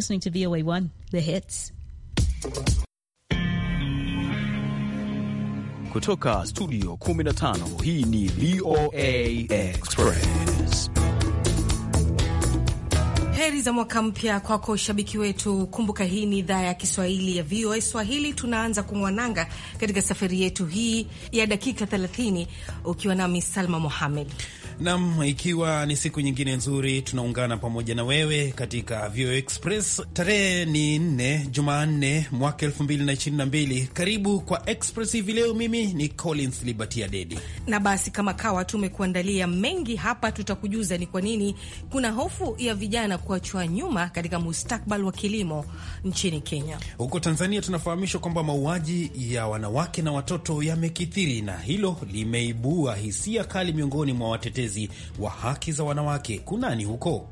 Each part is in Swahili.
Listening to VOA1, the hits. Kutoka studio 15, hii ni VOA Express. Heri za mwaka mpya kwako shabiki wetu. Kumbuka hii ni idhaa ya Kiswahili ya VOA Swahili. Tunaanza kumwananga katika safari yetu hii ya dakika 30 ukiwa nami Salma Mohamed Nam, ikiwa ni siku nyingine nzuri, tunaungana pamoja na wewe katika VOA Express. Tarehe ni nne Jumanne mwaka elfu mbili na ishirini na mbili. Karibu kwa Express hivi leo. Mimi ni Collins Libatia Dedi, na basi kama kawa tumekuandalia mengi hapa. Tutakujuza ni kwa nini kuna hofu ya vijana kuachwa nyuma katika mustakbal wa kilimo nchini Kenya. Huko Tanzania tunafahamishwa kwamba mauaji ya wanawake na watoto yamekithiri, na hilo limeibua hisia kali miongoni mwa watetezi utetezi wa haki za wanawake kunani huko?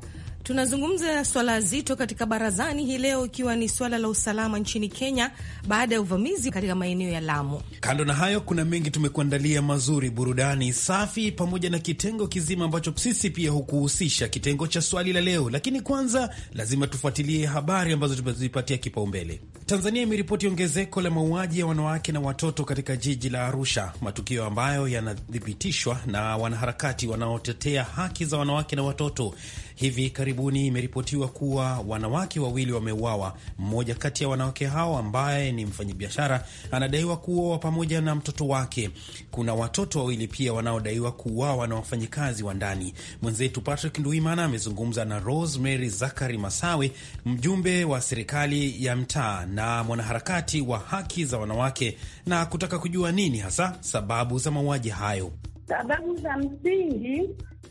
Tunazungumza swala zito katika barazani hii leo, ikiwa ni swala la usalama nchini Kenya baada ya uvamizi katika maeneo ya Lamu. Kando na hayo, kuna mengi tumekuandalia mazuri, burudani safi, pamoja na kitengo kizima ambacho sisi pia hukuhusisha, kitengo cha swali la leo. Lakini kwanza lazima tufuatilie habari ambazo tumezipatia kipaumbele. Tanzania imeripoti ongezeko la mauaji ya wanawake na watoto katika jiji la Arusha, matukio ambayo yanathibitishwa na wanaharakati wanaotetea haki za wanawake na watoto. Hivi karibuni imeripotiwa kuwa wanawake wawili wameuawa. Mmoja kati ya wanawake hao ambaye ni mfanyabiashara anadaiwa kuuawa pamoja na mtoto wake. Kuna watoto wawili pia wanaodaiwa kuuawa na wafanyikazi wa ndani. Mwenzetu Patrick Nduimana amezungumza na Rosemary Zakari Masawe, mjumbe wa serikali ya mtaa na mwanaharakati wa haki za wanawake, na kutaka kujua nini hasa sababu za mauaji hayo. Sababu za msingi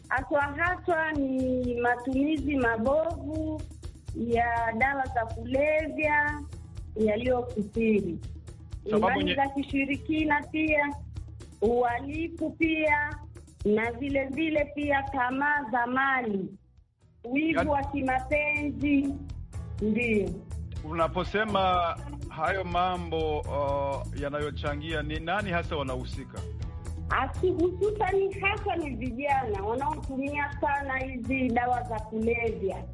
haswa haswa ni matumizi mabovu ya dawa za kulevya yaliyokithiri, imani za kishirikina, pia uhalifu, pia na vile vile pia tamaa za mali, wivu yaani- wa kimapenzi. ndio unaposema hayo mambo uh, yanayochangia, ni nani hasa wanahusika? asi hasa ni vijana wanaotumia sana hizi dawa za kulevya.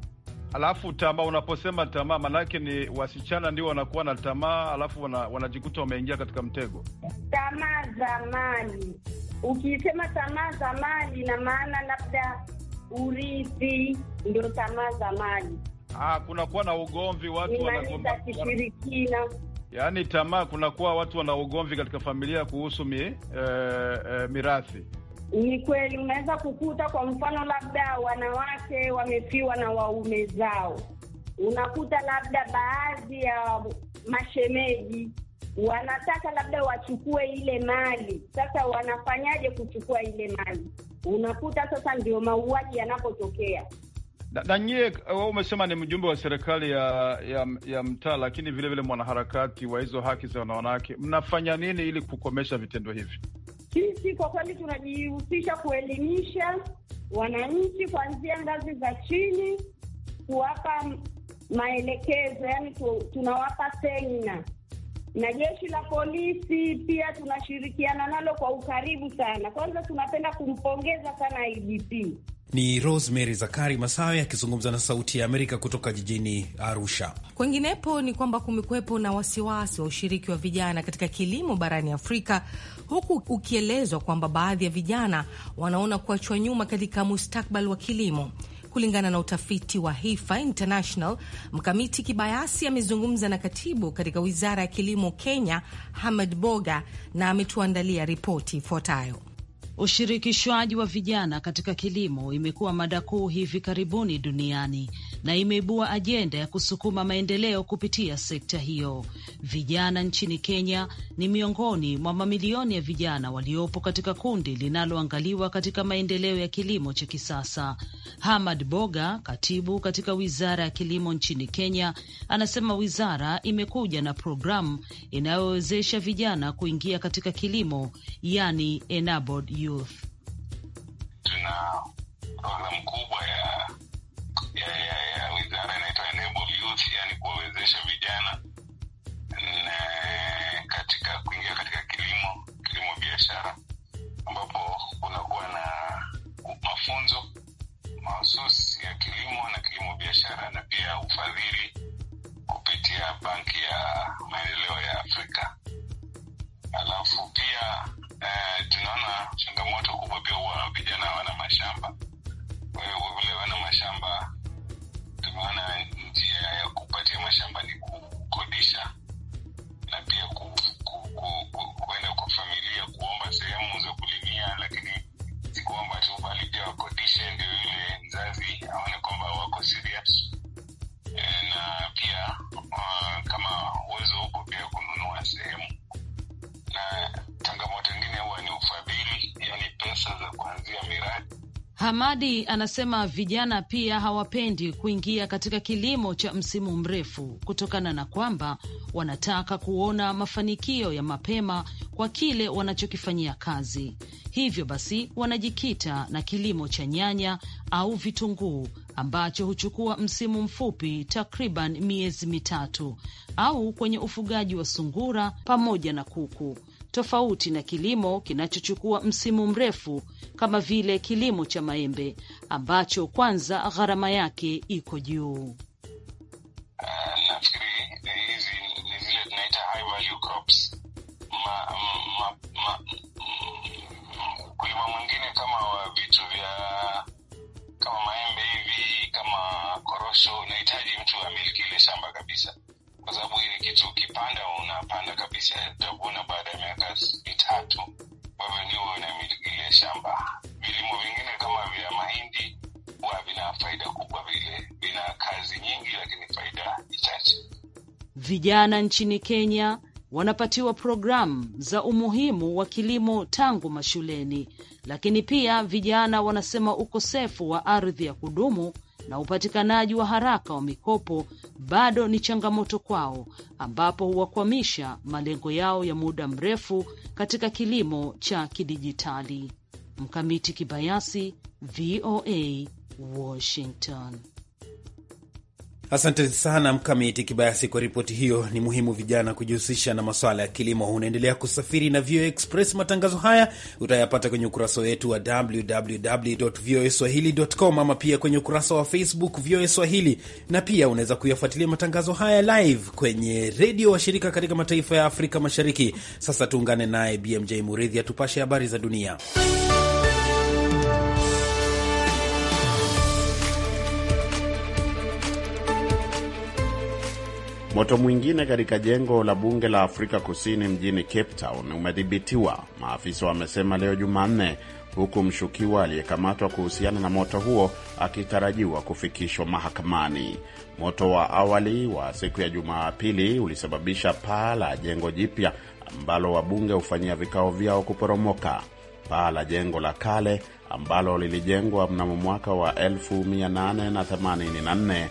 Alafu tamaa, unaposema tamaa, manake ni wasichana ndio wanakuwa na tamaa, alafu wana, wanajikuta wameingia katika mtego tamaa za mali. Ukisema tamaa za mali, ina maana labda urithi ndio tamaa za mali. Ah, kunakuwa na ugomvi, watu wanagombana, kishirikina yaani tamaa, kunakuwa watu wana ugomvi katika familia kuhusu mi, e, e, mirathi. Ni kweli, unaweza kukuta kwa mfano labda wanawake wamefiwa na waume zao, unakuta labda baadhi ya mashemeji wanataka labda wachukue ile mali. Sasa wanafanyaje kuchukua ile mali? Unakuta sasa ndio mauaji yanapotokea na nyie eh, umesema ni mjumbe wa serikali ya ya, ya mtaa, lakini vilevile mwanaharakati wa hizo haki za wanawake, mnafanya nini ili kukomesha vitendo hivi? Sisi kwa kweli tunajihusisha kuelimisha wananchi kuanzia ngazi za chini, kuwapa maelekezo, yani tunawapa semina na jeshi la polisi pia tunashirikiana nalo kwa ukaribu sana. Kwanza tunapenda kumpongeza sana IGP ni Rosemary Zakari Masawe akizungumza na Sauti ya Amerika kutoka jijini Arusha. Kwenginepo ni kwamba kumekuwepo na wasiwasi wa ushiriki wa vijana katika kilimo barani Afrika, huku ukielezwa kwamba baadhi ya vijana wanaona kuachwa nyuma katika mustakbal wa kilimo. Kulingana na utafiti wa Hifa International, Mkamiti Kibayasi amezungumza na katibu katika wizara ya kilimo Kenya, hamed Boga, na ametuandalia ripoti ifuatayo. Ushirikishwaji wa vijana katika kilimo imekuwa mada kuu hivi karibuni duniani na imeibua ajenda ya kusukuma maendeleo kupitia sekta hiyo. Vijana nchini Kenya ni miongoni mwa mamilioni ya vijana waliopo katika kundi linaloangaliwa katika maendeleo ya kilimo cha kisasa. Hamad Boga, katibu katika wizara ya kilimo nchini Kenya, anasema wizara imekuja na programu inayowezesha vijana kuingia katika kilimo, yani Youth. Tuna programu kubwa fursa za kuanzia miradi. Hamadi anasema vijana pia hawapendi kuingia katika kilimo cha msimu mrefu kutokana na kwamba wanataka kuona mafanikio ya mapema kwa kile wanachokifanyia kazi. Hivyo basi wanajikita na kilimo cha nyanya au vitunguu ambacho huchukua msimu mfupi, takriban miezi mitatu, au kwenye ufugaji wa sungura pamoja na kuku tofauti na kilimo kinachochukua msimu mrefu kama vile kilimo cha maembe ambacho kwanza gharama yake iko juu. Eh, kwa sababu hii ni kitu ukipanda unapanda kabisa, utakuona baada vitatu ambavyo ndio wanamiliki ile shamba. Vilimo vingine kama vya mahindi huwa vina faida kubwa, vile vina kazi nyingi, lakini faida ni chache. Vijana nchini Kenya wanapatiwa programu za umuhimu wa kilimo tangu mashuleni, lakini pia vijana wanasema ukosefu wa ardhi ya kudumu na upatikanaji wa haraka wa mikopo bado ni changamoto kwao, ambapo huwakwamisha malengo yao ya muda mrefu katika kilimo cha kidijitali. Mkamiti Kibayasi, VOA, Washington. Asante sana Mkamiti Kibayasi kwa ripoti hiyo. Ni muhimu vijana kujihusisha na masuala ya kilimo. Unaendelea kusafiri na VOA Express. Matangazo haya utayapata kwenye ukurasa wetu wa www voa swahili.com, ama pia kwenye ukurasa wa Facebook VOA Swahili, na pia unaweza kuyafuatilia matangazo haya live kwenye redio wa shirika katika mataifa ya Afrika Mashariki. Sasa tuungane naye BMJ Muridhi atupashe habari za dunia. Moto mwingine katika jengo la bunge la Afrika Kusini mjini Cape Town umedhibitiwa, maafisa wamesema leo Jumanne, huku mshukiwa aliyekamatwa kuhusiana na moto huo akitarajiwa kufikishwa mahakamani. Moto wa awali wa siku ya Jumapili ulisababisha paa la jengo jipya ambalo wabunge hufanyia vikao vyao kuporomoka. Paa la jengo la kale ambalo lilijengwa mnamo mwaka wa 1884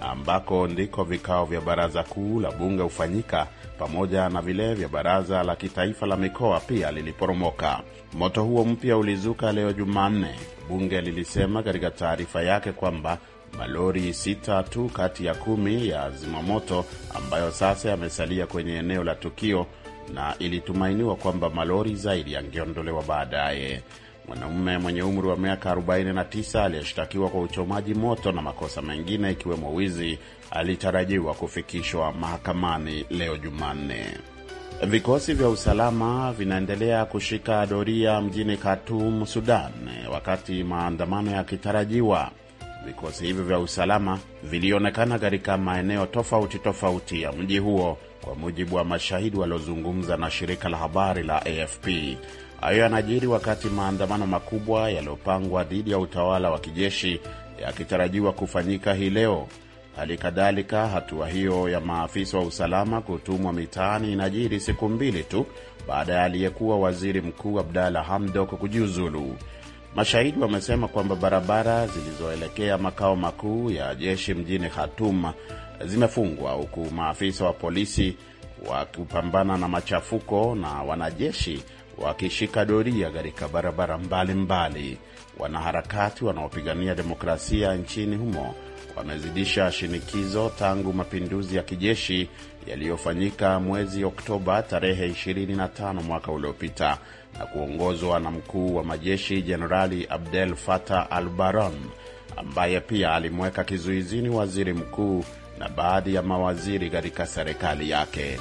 ambako ndiko vikao vya baraza kuu la bunge hufanyika pamoja na vile vya baraza la kitaifa la mikoa pia liliporomoka. Moto huo mpya ulizuka leo Jumanne. Bunge lilisema katika taarifa yake kwamba malori sita tu kati ya kumi ya zimamoto ambayo sasa yamesalia kwenye eneo la tukio, na ilitumainiwa kwamba malori zaidi yangeondolewa baadaye. Mwanaume mwenye umri wa miaka 49 aliyeshtakiwa kwa uchomaji moto na makosa mengine ikiwemo wizi alitarajiwa kufikishwa mahakamani leo Jumanne. Vikosi vya usalama vinaendelea kushika doria mjini Khartoum, Sudan, wakati maandamano yakitarajiwa. Vikosi hivyo vya usalama vilionekana katika maeneo tofauti tofauti ya mji huo, kwa mujibu wa mashahidi waliozungumza na shirika la habari la AFP. Hayo yanajiri wakati maandamano makubwa yaliyopangwa dhidi ya utawala wa kijeshi yakitarajiwa kufanyika hii leo. Hali kadhalika, hatua hiyo ya maafisa wa usalama kutumwa mitaani inajiri siku mbili tu baada ya aliyekuwa waziri mkuu Abdalla Hamdok kujiuzulu. Mashahidi wamesema kwamba barabara zilizoelekea makao makuu ya jeshi mjini Khartoum zimefungwa huku maafisa wa polisi wakipambana na machafuko na wanajeshi wakishika doria katika barabara mbalimbali. Wanaharakati wanaopigania demokrasia nchini humo wamezidisha shinikizo tangu mapinduzi ya kijeshi yaliyofanyika mwezi Oktoba tarehe 25 mwaka uliopita na kuongozwa na mkuu wa majeshi Jenerali Abdel Fattah al-Burhan ambaye pia alimweka kizuizini waziri mkuu na baadhi ya mawaziri katika serikali yake.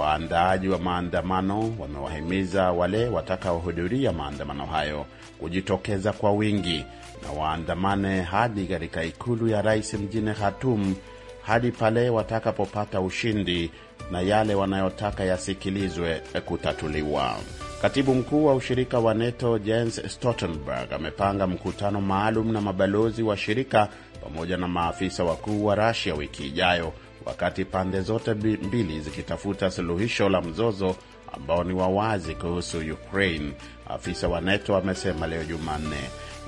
Waandaaji wa maandamano wamewahimiza wale watakaohudhuria maandamano hayo kujitokeza kwa wingi na waandamane hadi katika ikulu ya rais mjini Khartoum hadi pale watakapopata ushindi na yale wanayotaka yasikilizwe kutatuliwa. Katibu mkuu wa ushirika wa NATO Jens Stoltenberg amepanga mkutano maalum na mabalozi wa shirika pamoja na maafisa wakuu wa Rasia wiki ijayo wakati pande zote mbili zikitafuta suluhisho la mzozo ambao ni wa wazi kuhusu Ukraine, afisa wa NATO amesema leo Jumanne,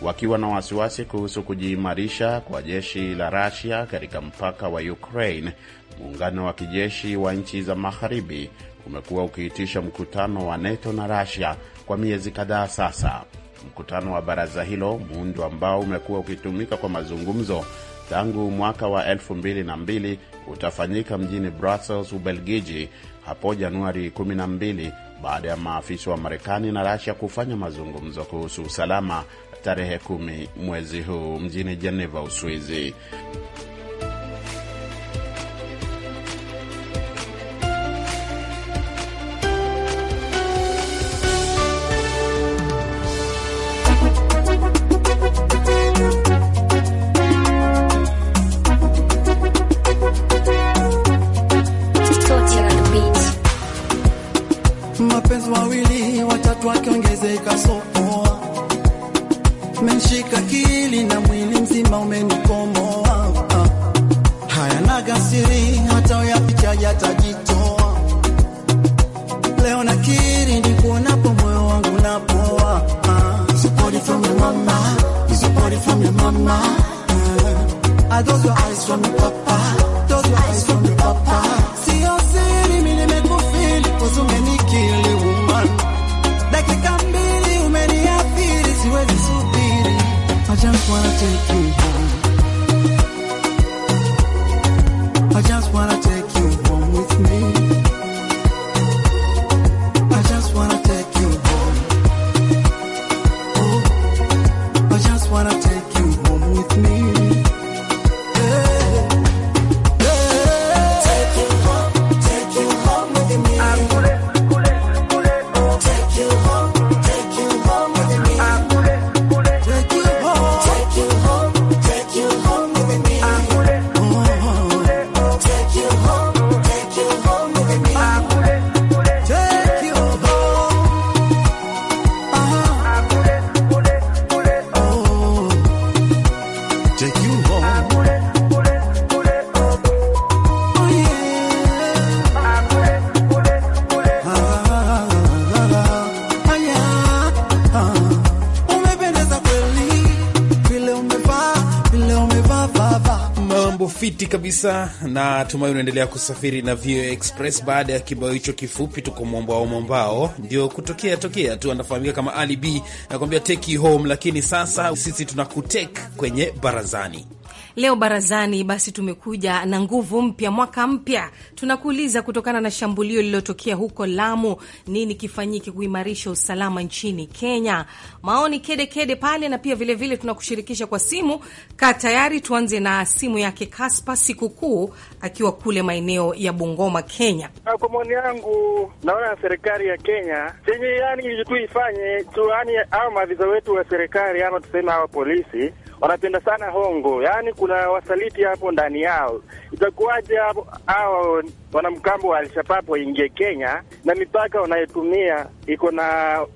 wakiwa na wasiwasi kuhusu kujiimarisha kwa jeshi la Rasia katika mpaka wa Ukraine. Muungano wa kijeshi wa nchi za magharibi umekuwa ukiitisha mkutano wa NATO na Rasia kwa miezi kadhaa sasa. Mkutano wa baraza hilo, muundo ambao umekuwa ukitumika kwa mazungumzo, tangu mwaka wa 22 utafanyika mjini Brussels, Ubelgiji hapo Januari 12 baada ya maafisa wa Marekani na Rasia kufanya mazungumzo kuhusu usalama tarehe kumi mwezi huu mjini Jeneva, Uswizi. fiti kabisa, na tumai unaendelea kusafiri na VOA Express. Baada ya kibao hicho kifupi, tuko mwambao mwambao, ndio kutokea tokea tu, anafahamika kama Ali B, nakwambia take you home. Lakini sasa sisi kutek kwenye barazani Leo barazani basi tumekuja na nguvu mpya, mwaka mpya. Tunakuuliza, kutokana na shambulio lililotokea huko Lamu, nini kifanyike kuimarisha usalama nchini Kenya? Maoni kede kede pale, na pia vilevile vile tunakushirikisha kwa simu. ka tayari, tuanze na simu yake Kaspa Sikukuu akiwa kule maeneo ya Bungoma, Kenya. Ah, kwa maoni yangu, naona serikali ya Kenya chenye yani tuifanye tuani tu, maafisa wetu wa serikali ama tuseme hawa polisi wanapenda sana hongo, yaani kuna wasaliti hapo ndani yao. Itakuwaje hapo hao wanamgambo wa Alshabab waingie Kenya na mipaka wanayotumia iko na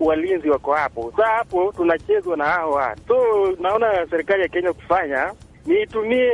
walinzi wako hapo? Saa hapo tunachezwa na hao watu. So naona serikali ya Kenya kufanya niitumie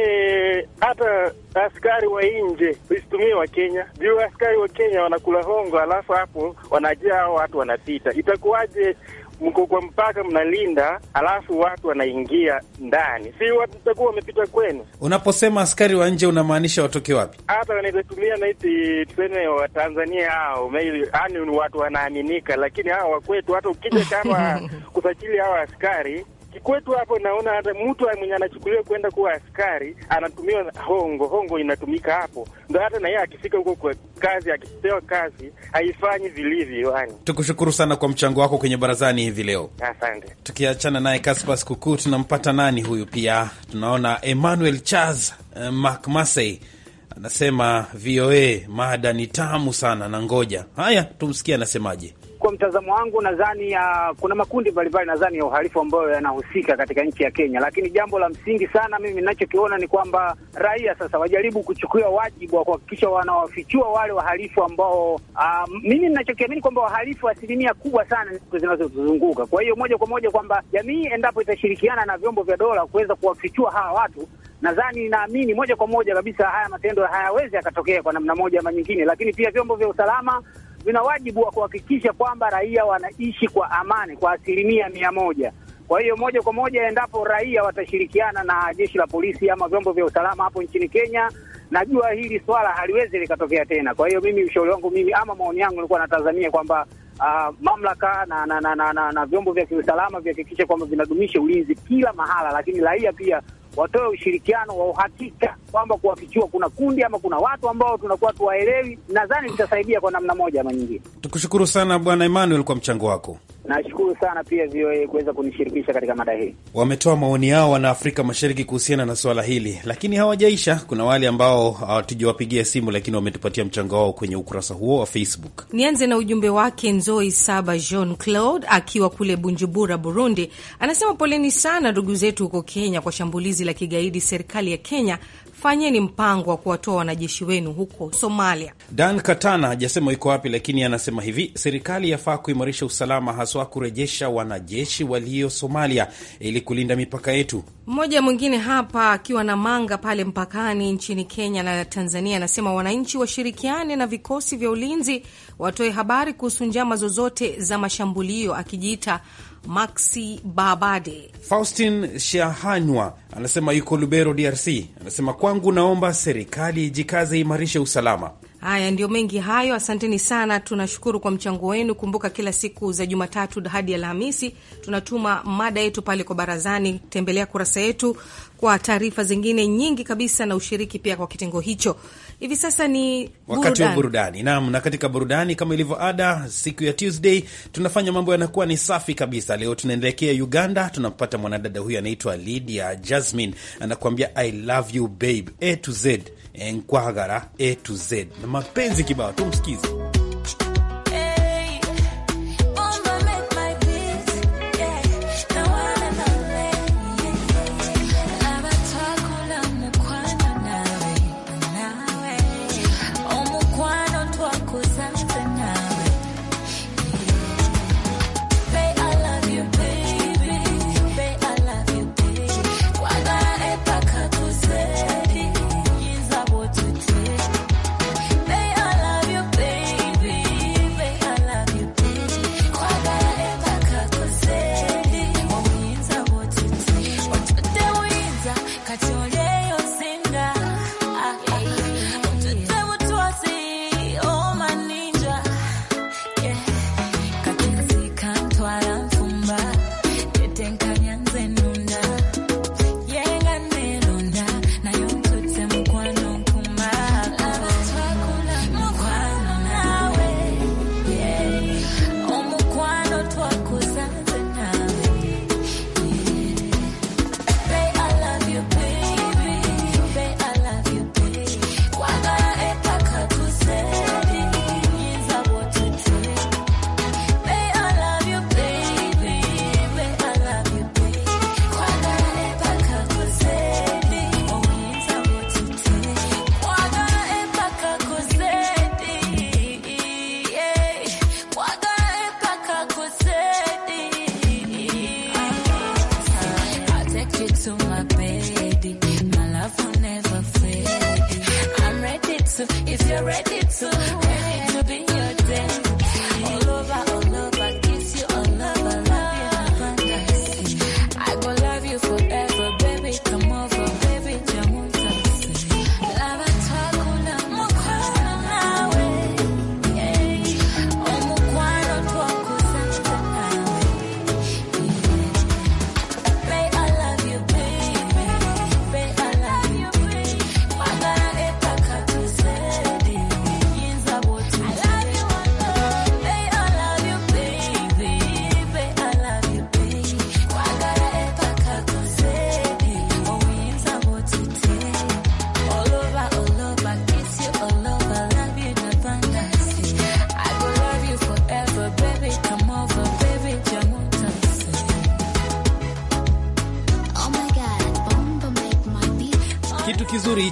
hata askari wa nje, isitumie wa Kenya juu askari wa Kenya wanakula hongo, alafu hapo wanajia hao watu wanapita. Itakuwaje mko kwa mpaka mnalinda, alafu watu wanaingia ndani, si watu takuwa wamepita kwenu. Unaposema askari wa nje unamaanisha watoke wapi? Hata wanaweza tumia naiti tuseme Watanzania ao yani ni watu wanaaminika, lakini hawa wakwetu hata ukija kama kusajili hawa askari kikwetu hapo, naona hata mtu mwenye anachukuliwa kwenda kuwa askari anatumiwa hongo. Hongo inatumika hapo, ndo hata na yeye akifika huko kwa kazi, akipewa kazi haifanyi vilivyo. Yani, tukushukuru sana kwa mchango wako kwenye barazani hivi leo, asante. Tukiachana naye Kaspas Kuku, tunampata nani huyu? Pia tunaona Emmanuel Charles uh, eh, Macmasey anasema VOA mada ni tamu sana na ngoja haya tumsikie anasemaje kwa mtazamo wangu nadhani uh, kuna makundi mbalimbali nadhani ya uhalifu ambayo yanahusika katika nchi ya Kenya, lakini jambo la msingi sana mimi ninachokiona ni kwamba raia sasa wajaribu kuchukua wajibu wa kuhakikisha wanawafichua wale wahalifu ambao, uh, mimi ninachokiamini kwamba wahalifu asilimia kubwa sana ni zinazotuzunguka. Kwa hiyo moja kwa moja kwamba jamii endapo itashirikiana na vyombo vya dola kuweza kuwafichua hawa watu nadhani naamini moja kwa moja kabisa haya matendo hayawezi yakatokea kwa namna moja ama nyingine, lakini pia vyombo vya usalama vina wajibu wa kuhakikisha kwamba raia wanaishi kwa amani kwa asilimia mia moja. Kwa hiyo moja kwa moja, endapo raia watashirikiana na jeshi la polisi ama vyombo vya usalama hapo nchini Kenya, najua hili swala haliwezi likatokea tena. Kwa hiyo mimi, ushauri wangu mimi ama maoni yangu, nilikuwa natazamia kwamba uh, mamlaka na na, na, na, na, na vyombo vya kiusalama vihakikishe kwamba vinadumisha ulinzi kila mahala, lakini raia pia watoe ushirikiano wa uhakika kwamba kuwafichua kuna kundi ama kuna watu ambao tunakuwa tuwaelewi, nadhani litasaidia kwa namna moja ama nyingine. Tukushukuru sana Bwana Emmanuel kwa mchango wako. Nashukuru sana pia VOA kuweza kunishirikisha katika mada hii. Wametoa maoni yao wanaafrika Mashariki kuhusiana na swala hili, lakini hawajaisha. Kuna wale ambao hawatujawapigia simu, lakini wametupatia mchango wao kwenye ukurasa huo wa Facebook. Nianze na ujumbe wake Nzoi Saba Jean Claude akiwa kule Bunjubura, Burundi, anasema poleni sana ndugu zetu huko Kenya kwa shambulizi la kigaidi serikali ya Kenya fanyeni mpango wa kuwatoa wanajeshi wenu huko Somalia. Dan Katana hajasema iko wapi, lakini anasema hivi: serikali yafaa kuimarisha usalama, haswa kurejesha wanajeshi walio Somalia ili kulinda mipaka yetu. Mmoja mwingine hapa akiwa na manga pale mpakani nchini Kenya na Tanzania anasema wananchi washirikiane na vikosi vya ulinzi, watoe habari kuhusu njama zozote za mashambulio, akijiita Maxi Babade. Faustin Shahanywa anasema yuko Lubero, DRC. Anasema kwangu, naomba serikali ijikaze, imarishe usalama. Haya, ndio mengi hayo. Asanteni sana, tunashukuru kwa mchango wenu. Kumbuka kila siku za Jumatatu hadi Alhamisi tunatuma mada yetu pale kwa barazani. Tembelea kurasa yetu kwa taarifa zingine nyingi kabisa na ushiriki pia kwa kitengo hicho hivi sasa ni wakati wa burudani. Naam, na katika burudani kama ilivyo ada, siku ya Tuesday tunafanya mambo yanakuwa ni safi kabisa. Leo tunaelekea Uganda, tunampata mwanadada huyu anaitwa Lydia Jasmine, anakuambia I love you babe, A to Z, Nkwagara A to Z, na mapenzi kibao, tumsikize.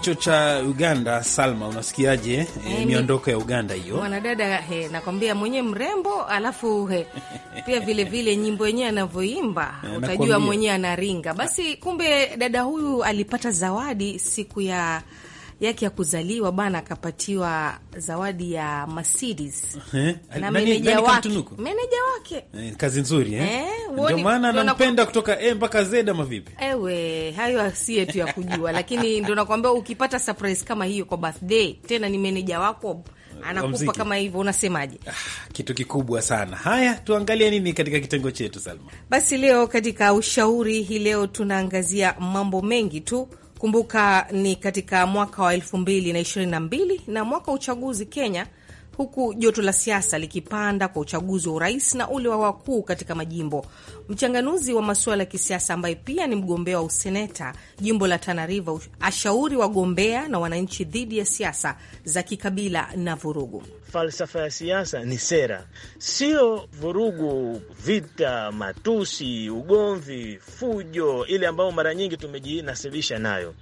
hicho cha Uganda. Salma, unasikiaje eh, miondoko ya Uganda hiyo? Mwanadada eh, nakwambia mwenyewe mrembo, alafu he, eh, pia vile vile nyimbo yenyewe anavyoimba eh, utajua mwenyewe anaringa. Basi kumbe dada huyu alipata zawadi siku ya yake ya kuzaliwa bana akapatiwa zawadi ya Mercedes eh? na meneja wake, meneja wake. Eh, kazi nzuri eh? eh ndio maana anampenda kutoka e mpaka Z ama vipi? Ewe, hayo si yetu ya kujua lakini ndo nakwambia, ukipata surprise kama hiyo kwa birthday, tena ni meneja wako anakupa kama hivyo, unasemaje? Ah, kitu kikubwa sana. Haya, tuangalie nini katika kitengo chetu Salma. Basi leo katika ushauri hii leo tunaangazia mambo mengi tu Kumbuka ni katika mwaka wa elfu mbili na ishirini na mbili na mwaka wa uchaguzi Kenya huku joto la siasa likipanda kwa uchaguzi wa urais na ule wa wakuu katika majimbo. Mchanganuzi wa masuala ya kisiasa ambaye pia ni mgombea wa useneta jimbo la Tana River ashauri wagombea na wananchi dhidi ya siasa za kikabila na vurugu. Falsafa ya siasa ni sera, sio vurugu, vita, matusi, ugomvi, fujo ile ambayo mara nyingi tumejinasibisha nayo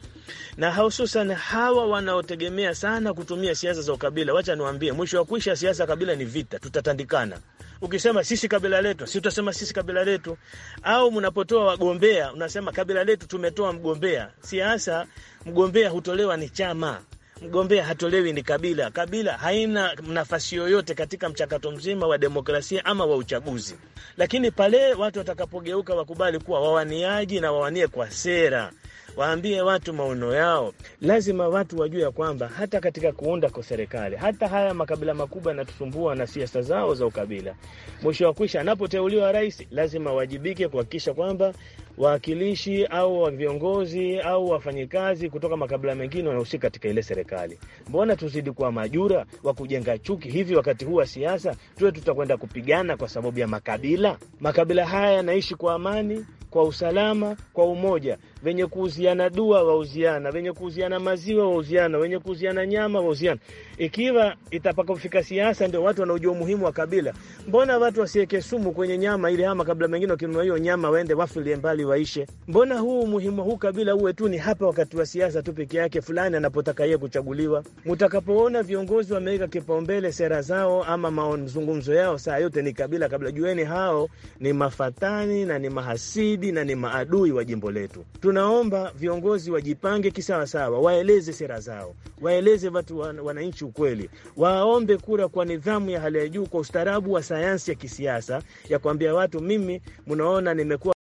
na hususan hawa wanaotegemea sana kutumia siasa za ukabila. Wacha niwambie, mwisho wa kuisha siasa kabila ni vita, tutatandikana. Ukisema sisi kabila letu, si utasema sisi kabila letu. Au mnapotoa wagombea, unasema kabila letu, tumetoa mgombea. Siasa mgombea hutolewa ni chama mgombea hatolewi ni kabila. Kabila haina nafasi yoyote katika mchakato mzima wa demokrasia ama wa uchaguzi. Lakini pale watu watakapogeuka wakubali kuwa wawaniaji na wawanie kwa sera, waambie watu maono yao. Lazima watu wajue ya kwamba hata katika kuunda kwa serikali, hata haya makabila makubwa yanatusumbua na siasa zao za ukabila. Mwisho wa kwisha, anapoteuliwa rais, lazima wajibike kuhakikisha kwamba wawakilishi au viongozi au wafanyikazi kutoka makabila mengine wanahusika katika ile serikali. Mbona tuzidi kuwa majura wa kujenga chuki hivi? Wakati huu wa siasa tuwe tutakwenda kupigana kwa sababu ya makabila? Makabila haya yanaishi kwa amani, kwa usalama, kwa umoja wenye kuuziana dua wauziana, wenye kuuziana maziwa wauziana, wenye kuuziana nyama wauziana. Ikiwa itakapofika siasa, ndio watu wanaojua umuhimu wa kabila, mbona watu wasiweke sumu kwenye nyama ili hama kabla mengine wakinunua hiyo nyama waende wafilie mbali waishe? Mbona huu umuhimu huu kabila uwe tu ni hapa wakati wa siasa tu peke yake, fulani anapotaka yeye kuchaguliwa. Mtakapoona viongozi wameweka kipaumbele sera zao ama mazungumzo yao, saa yote ni kabila kabila, jueni hao ni mafatani na ni mahasidi na ni maadui wa jimbo letu tunaomba viongozi wajipange kisawasawa, waeleze sera zao, waeleze watu wananchi ukweli, waombe kura kwa nidhamu ya hali ya juu, kwa ustaarabu wa sayansi ya kisiasa, ya kuambia watu, mimi mnaona nimekuwa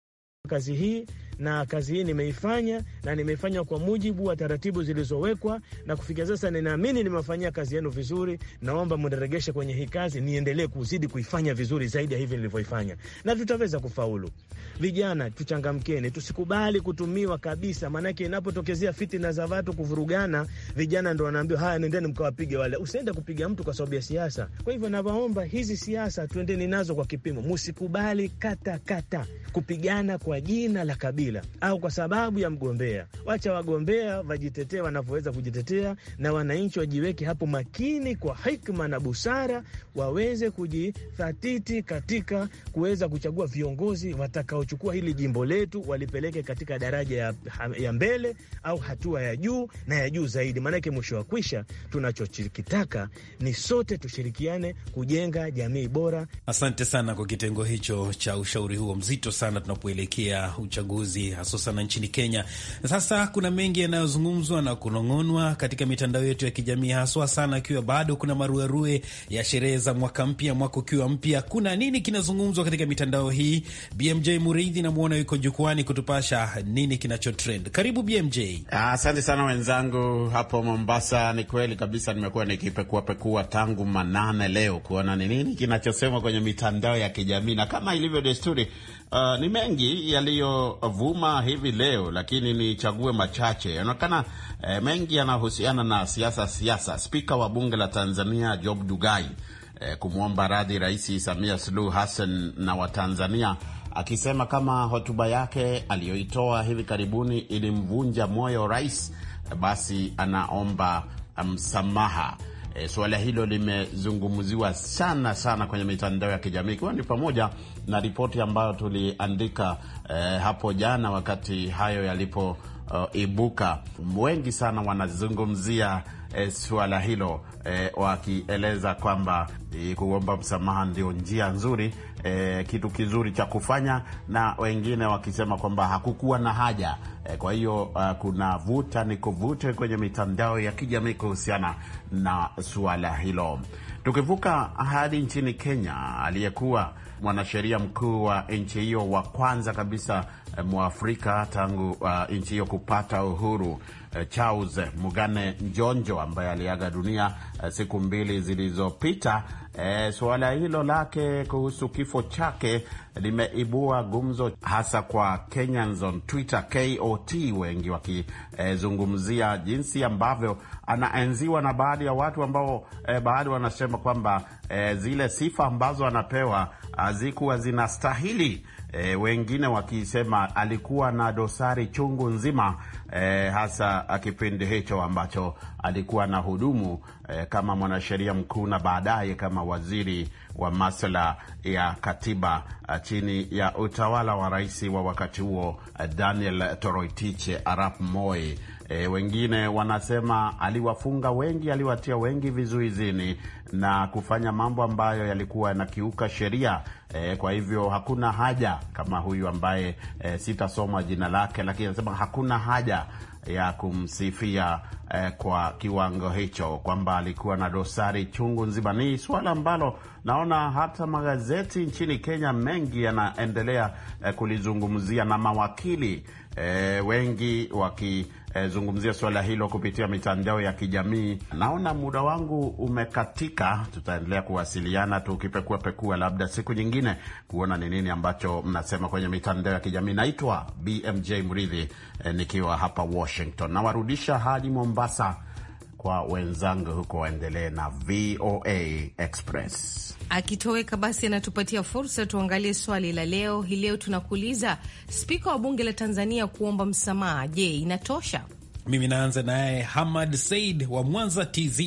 kazi hii na kazi hii nimeifanya na nimeifanya kwa mujibu wa taratibu zilizowekwa, na kufikia sasa ninaamini nimefanyia kazi yenu vizuri. Naomba mniregeshe kwenye hii kazi, niendelee kuzidi kuifanya vizuri zaidi ya hivi nilivyoifanya, na tutaweza kufaulu. Vijana tuchangamkeni, tusikubali kutumiwa kabisa, maanake inapotokezea fitina za watu kuvurugana, vijana ndo wanaambiwa haya, nendeni mkawapige wale. Usiende kupiga mtu kwa sababu ya siasa. Kwa hivyo nawaomba hizi siasa tuendeni nazo kwa kipimo, musikubali katakata kupigana kwa jina la kabila kabila au kwa sababu ya mgombea. Wacha wagombea wajitetee wanavyoweza kujitetea, na wananchi wajiweke hapo makini kwa hikma na busara, waweze kujithatiti katika kuweza kuchagua viongozi watakaochukua hili jimbo letu walipeleke katika daraja ya, ya mbele au hatua ya juu na ya juu zaidi. Maanake mwisho wa kwisha, tunachokitaka ni sote tushirikiane kujenga jamii bora. Asante sana kwa kitengo hicho cha ushauri huo mzito sana tunapoelekea uchaguzi kazi hasa sana nchini Kenya. Sasa kuna mengi yanayozungumzwa na kunong'onwa katika mitandao yetu ya kijamii, haswa sana ikiwa bado kuna maruerue ya sherehe za mwaka mpya, mwaka ukiwa mpya. Kuna nini kinazungumzwa katika mitandao hii? BMJ Muridhi namwona yuko jukwani kutupasha nini kinachotrend. Karibu BMJ. Asante ah, sana wenzangu hapo Mombasa. Ni kweli kabisa, nimekuwa nikipekuapekua tangu manane leo kuona ni nini kinachosemwa kwenye mitandao ya kijamii na kama ilivyo desturi Uh, ni mengi yaliyovuma hivi leo, lakini nichague machache. Inaonekana eh, mengi yanahusiana na siasa siasa. Spika wa bunge la Tanzania Job Dugai eh, kumwomba radhi Rais Samia Suluhu Hassan na Watanzania akisema kama hotuba yake aliyoitoa hivi karibuni ilimvunja moyo rais, basi anaomba msamaha. E, suala hilo limezungumziwa sana sana kwenye mitandao ya kijamii ikiwa ni pamoja na ripoti ambayo tuliandika e, hapo jana wakati hayo yalipo uh, ibuka. Wengi sana wanazungumzia eh, suala hilo eh, wakieleza kwamba eh, kuomba msamaha ndio njia nzuri eh, kitu kizuri cha kufanya, na wengine wakisema kwamba hakukuwa na haja eh, kwa hiyo uh, kuna vuta ni kuvute kwenye mitandao ya kijamii kuhusiana na suala hilo. Tukivuka hadi nchini Kenya, aliyekuwa mwanasheria mkuu wa nchi hiyo wa kwanza kabisa eh, mwa Afrika tangu uh, nchi hiyo kupata uhuru. Eh, Charles Mugane Njonjo ambaye aliaga dunia eh, siku mbili zilizopita. E, suala hilo lake kuhusu kifo chake limeibua gumzo hasa kwa Kenyans on Twitter KOT, wengi wakizungumzia e, jinsi ambavyo anaenziwa na baadhi ya watu ambao e, baadhi wanasema kwamba e, zile sifa ambazo anapewa ah, hazikuwa zinastahili. E, wengine wakisema alikuwa na dosari chungu nzima eh, hasa kipindi hicho ambacho alikuwa na hudumu eh, kama mwanasheria mkuu na baadaye kama waziri wa masuala ya katiba eh, chini ya utawala wa rais wa wakati huo eh, Daniel Toroitich arap Moi. E, wengine wanasema aliwafunga wengi, aliwatia wengi vizuizini na kufanya mambo ambayo yalikuwa yanakiuka sheria. E, kwa hivyo hakuna haja kama huyu ambaye e, sitasoma jina lake, lakini anasema hakuna haja ya kumsifia eh, kwa kiwango hicho kwamba alikuwa na dosari chungu nzima. Ni suala ambalo naona hata magazeti nchini Kenya mengi yanaendelea eh, kulizungumzia na mawakili eh, wengi waki eh, zungumzia suala hilo kupitia mitandao ya kijamii. Naona muda wangu umekatika, tutaendelea kuwasiliana tukipekua pekua, labda siku nyingine kuona ni nini ambacho mnasema kwenye mitandao ya kijamii. Naitwa BMJ Mridhi eh, nikiwa hapa Washington, nawarudisha hadi Mombasa kwa wenzangu huko waendelee na VOA Express. Akitoweka basi, anatupatia fursa tuangalie swali la leo. Hii leo tunakuuliza, spika wa bunge la Tanzania kuomba msamaha, je, inatosha? Mimi naanza naye Hamad Said wa Mwanza TZ.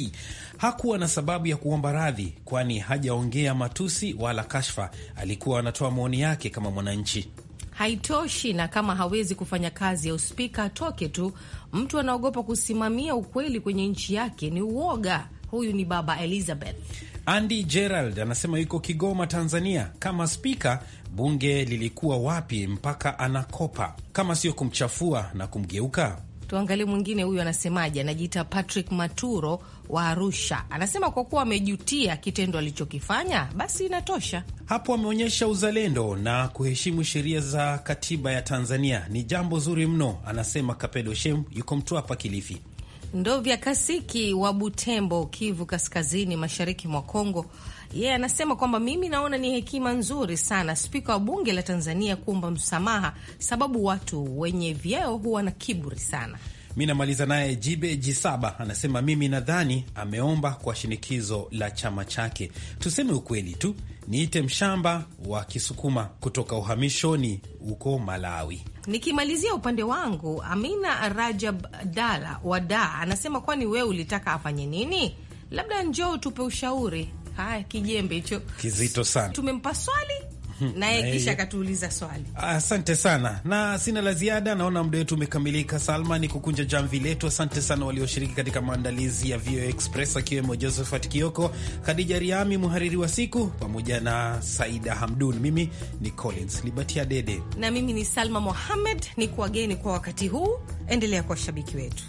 Hakuwa na sababu ya kuomba radhi, kwani hajaongea matusi wala kashfa. Alikuwa anatoa maoni yake kama mwananchi haitoshi, na kama hawezi kufanya kazi ya uspika atoke tu. Mtu anaogopa kusimamia ukweli kwenye nchi yake, ni uoga. Huyu ni Baba Elizabeth. Andy Gerald anasema yuko Kigoma, Tanzania. Kama spika bunge lilikuwa wapi mpaka anakopa, kama sio kumchafua na kumgeuka? Tuangalie mwingine huyu anasemaje, anajiita Patrick Maturo wa Arusha anasema kwa kuwa amejutia kitendo alichokifanya basi inatosha. Hapo ameonyesha uzalendo na kuheshimu sheria za katiba ya Tanzania, ni jambo zuri mno, anasema Kapedo Shem, yuko Mtwapa, Kilifi. Ndovya Kasiki wa Butembo, Kivu Kaskazini, mashariki mwa Kongo, yeye yeah, anasema kwamba mimi naona ni hekima nzuri sana spika wa bunge la Tanzania kuomba msamaha, sababu watu wenye vyeo huwa na kiburi sana. Mi namaliza naye Jibe Jisaba anasema mimi nadhani ameomba kwa shinikizo la chama chake. Tuseme ukweli tu, niite mshamba wa Kisukuma kutoka uhamishoni huko Malawi. Nikimalizia upande wangu, Amina Rajab Dala Wada anasema kwani wewe ulitaka afanye nini? Labda njoo tupe ushauri. Haya, kijembe hicho kizito sana. Tumempa swali naye kisha akatuuliza swali. Asante sana, na sina la ziada, naona muda wetu umekamilika. Salma, ni kukunja jamvi letu. Asante sana walioshiriki katika maandalizi ya VOA Express, akiwemo Josephat Kioko, Khadija Riami, mhariri wa siku, pamoja na Saida Hamdun. Mimi ni Collins Libatia Dede na mimi ni Salma Mohamed, ni kuwageni kwa wakati huu. Endelea kwa washabiki wetu.